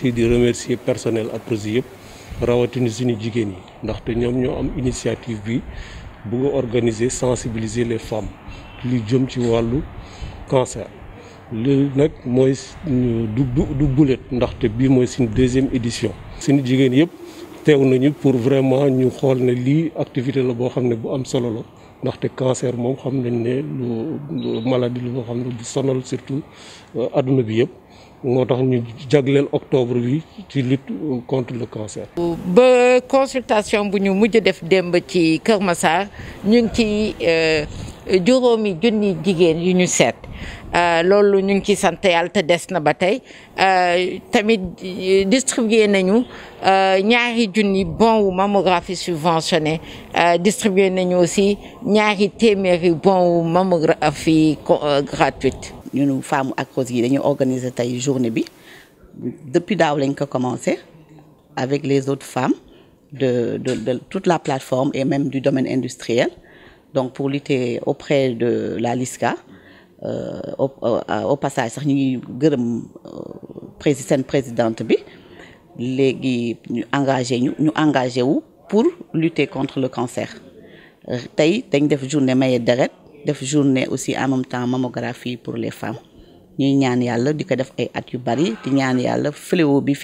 si di remercier personnel APROSI yëpp rawatina suñu jigéen yi ndaxte ñoom ñoo am initiative bi bëgg a organiser sensibiliser les femmes lu jëm ci wàllu cancer. li nak mooy du du bulet ndaxte bii mooy suñu deuxième édition. suñu jigéen yëpp teew nañu pour vraiment ñu xool ne li activité la boo xam ne bu am solo la ndaxte cancer moom xam nañ ne lu maladie la boo xam ne bu surtout àdduna euh, bi yëpp. moo tax ñu jagleel octobre bi ci lutte contre le cancer. ba consultation bu ñu mujj def démb ci Kër Massar ñu ngi ci euh, juróomi junni jigéen yu ñu seet euh, loolu ñu ngi ciy sant yàlla des na ba tey euh, tamit distribué nañu ñaari junni bon wu mammographie subventionné distribué nañu aussi ñaari téeméeri bon wu mammographie gratuite. Nous, femmes à cause yi dañu organiser journée depuis que lañ commencé avec les autres femmes de, toute la plateforme et même du domaine industriel donc pour lutter auprès de la LISCA euh, euh, au, passage nous avons ngi euh, présidente bi engagé pour lutter contre le cancer tay dañ def journée def journée aussi en même temps mammographie pour les femmes ñuy ñaan yàlla di def ay fléau bi